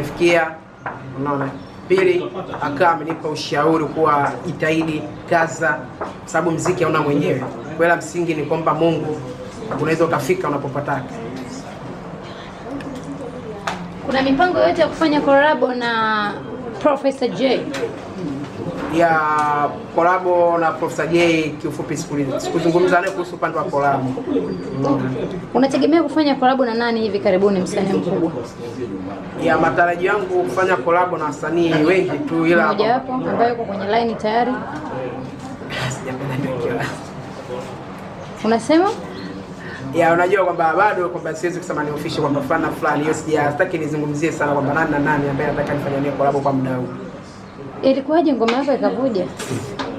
amefikia, unaona. Pili, akawa amenipa ushauri kuwa itaidi kaza, sababu mziki hauna mwenyewe. Kwa msingi ni kwamba Mungu unaweza ukafika unapopataka. Kuna mipango yote ya kufanya collab na Professor j ya kolabo na Profesa J Kiufupi sikuzungumza naye kuhusu upande wa kolabo. Mm. Unategemea kufanya kolabo na nani hivi karibuni, msanii mkubwa? Ya matarajio yangu kufanya kolabo na wasanii wengi tu, ila mmoja wapo ambaye yuko kwenye line tayari. Unasema? Ya, unajua kwamba bado kwamba siwezi kusema ni official kwamba fulani fulani, hiyo sijataki nizungumzie sana kwamba nani na nani ambaye nataka nifanye naye kolabo kwa muda huu. Ilikuwaje ngoma yako ikavuja?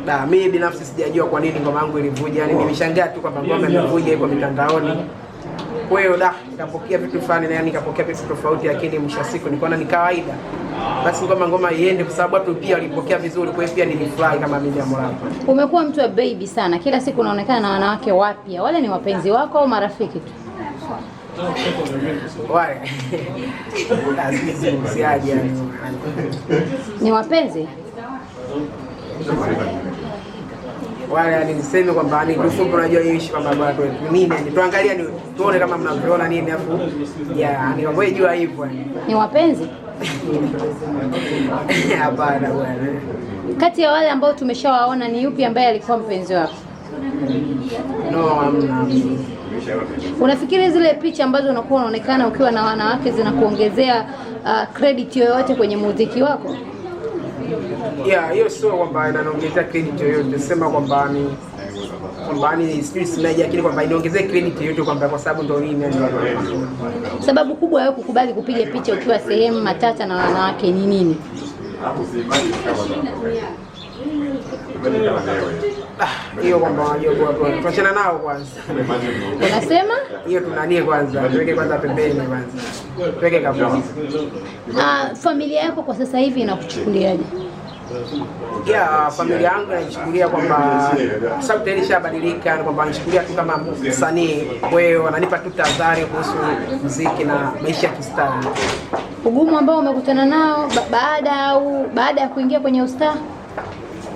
Da, mimi binafsi sijajua kwa nini ngoma yangu ilivuja. Yaani nimeshangaa tu kwamba ngoma imevuja iko mitandaoni. Kwa hiyo da, nikapokea vitu fulani na yani nikapokea vitu tofauti, lakini mwisho wa siku nikaona ni kawaida. Basi ngoma ngoma iende kwa sababu watu pia walipokea vizuri, kwa hiyo pia nilifurahi kama mimi ya Harmorapa. Umekuwa mtu wa baby sana. Kila siku unaonekana na wanawake wapya. Wale ni wapenzi wako au marafiki tu? ni wapenzi wale yani, niseme kwamba ni kifupi, unajua hii kwamba bwana ni tuangalia ni tuone kama mnaviona nini, afu ya ni kwamba jua hivyo ni wapenzi. Hapana bwana, kati ya wale ambao tumeshawaona ni yupi ambaye alikuwa mpenzi wako? No, amna. Unafikiri zile picha ambazo unakuwa unaonekana ukiwa na wanawake zinakuongezea uh, credit yoyote kwenye muziki wako? Yeah, hiyo sio kwamba inaniongezea credit yoyote, sema kwamba ni kwamba ni sinaji, lakini kwamba inaongezea credit yoyote kwamba kwa sababu ndio mimi. Sababu kubwa ya kukubali kupiga picha ukiwa sehemu matata na wanawake ni nini? hiyo kwamba wanajua kwa tuachana nao kwanza, unasema hiyo tunanie kwanza, tuweke kwanza pembeni kwanza, tuweke kabisa. Ah, familia yako kwa sasa hivi inakuchukuliaje? Yeah, familia yangu naichukulia kwamba sababu tayari ishabadilika, kwamba naichukulia tu kama msanii. Kwa hiyo wananipa tu tahadhari kuhusu muziki na maisha ya kistaa. Ugumu ambao umekutana nao baada au baada ya kuingia kwenye ustaa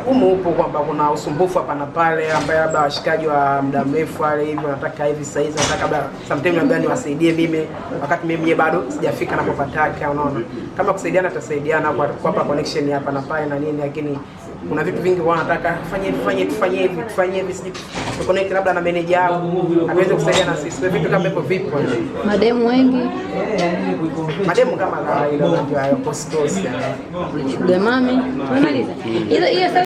ugumu upo kwamba kuna usumbufu hapa na pale, ambaye labda washikaji wa muda mrefu wale hivyo, nataka hivi sasa hivi nataka labda sometime labda niwasaidie mimi wakati mimi mwenyewe bado sijafika napopataka. Unaona, kama kusaidiana, tutasaidiana kwa kwa connection hapa na pale na nini, lakini kuna vitu vingi kwa nataka fanye fanye tufanye hivi tufanye hivi sije connect labda na manager yangu aweze kusaidia na sisi, vitu kama hivyo vipo. Mademu wengi mademu kama kawaida, ndio hayo post post sugar mami, tumemaliza hiyo.